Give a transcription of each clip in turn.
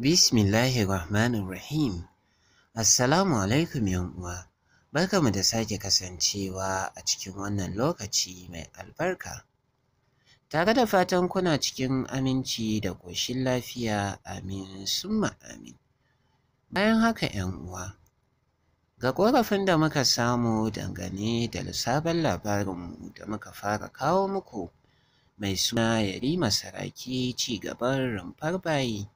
Bismillahi Rahmanir Rahim. Assalamu alaikum uwa. Barkamu da sake kasancewa a cikin wannan lokaci mai albarka. Tare da fatan kuna cikin aminci da ƙoshin lafiya amin summa amin. Bayan haka ‘yan uwa, ga ƙorafin da muka samu dangane da sabon labarinmu da muka fara kawo muku mai suna Yarima Saraki ci gaban rumfar bayi.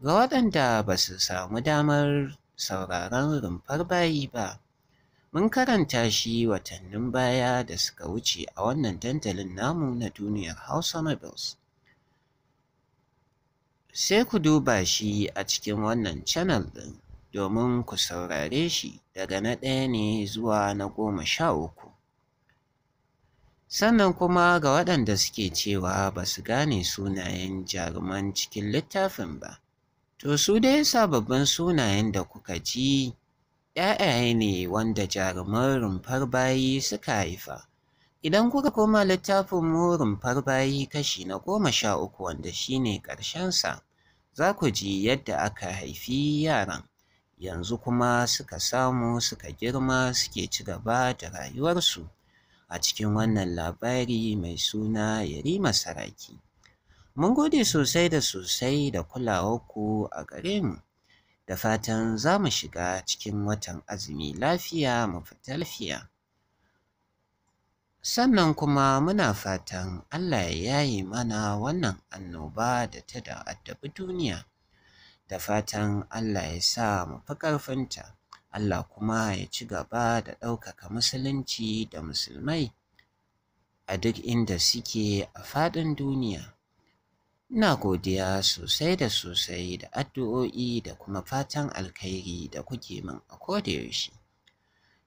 ga waɗanda ba su samu damar sauraron rumfar bayi ba. Mun karanta shi watannin baya da suka wuce a wannan dandalin namu na duniyar Hausa Nobles. Sai ku duba shi a cikin wannan channel ɗin domin ku saurare shi daga na ɗaya ne zuwa na goma sha uku. Sannan kuma ga waɗanda suke cewa ba su gane sunayen jaruman cikin littafin ba. To su dai sababbin sunayen da kuka ji 'ya'ya ne wanda jaruman rumfar bayi suka haifa. Idan kuka koma littafin mu rumfar bayi kashi na goma sha uku wanda shi ne ƙarshensa, za ku ji yadda aka haifi yaran, yanzu kuma suka samu suka girma suke ci gaba da rayuwarsu a cikin wannan labari mai suna Yarima Saraki. Mun gode sosai da sosai da kulawarku a gare mu. Da fatan za mu shiga cikin watan azumi lafiya mu fita lafiya. Sannan kuma muna fatan Allah ya yaye mana wannan annoba da ta addabi duniya. Da fatan Allah ya sa mu fi ƙarfinta. Allah kuma ya ci gaba da ɗaukaka musulunci da musulmai a duk inda suke a faɗin duniya. Ina godiya sosai da sosai da addu'o'i da kuma fatan alkhairi da kuke min a kodayaushe.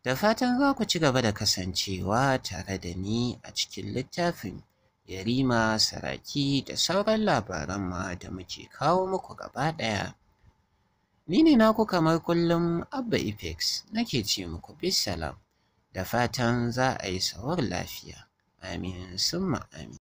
Da fatan za ku ci gaba da kasancewa tare da ni a cikin littafin Yarima Saraki da sauran labaran ma da muke kawo muku gaba ɗaya. Ni ne naku kamar kullum Abba Ifex nake ce muku bisalam da fatan za a yi sawar lafiya. Amin summa amin.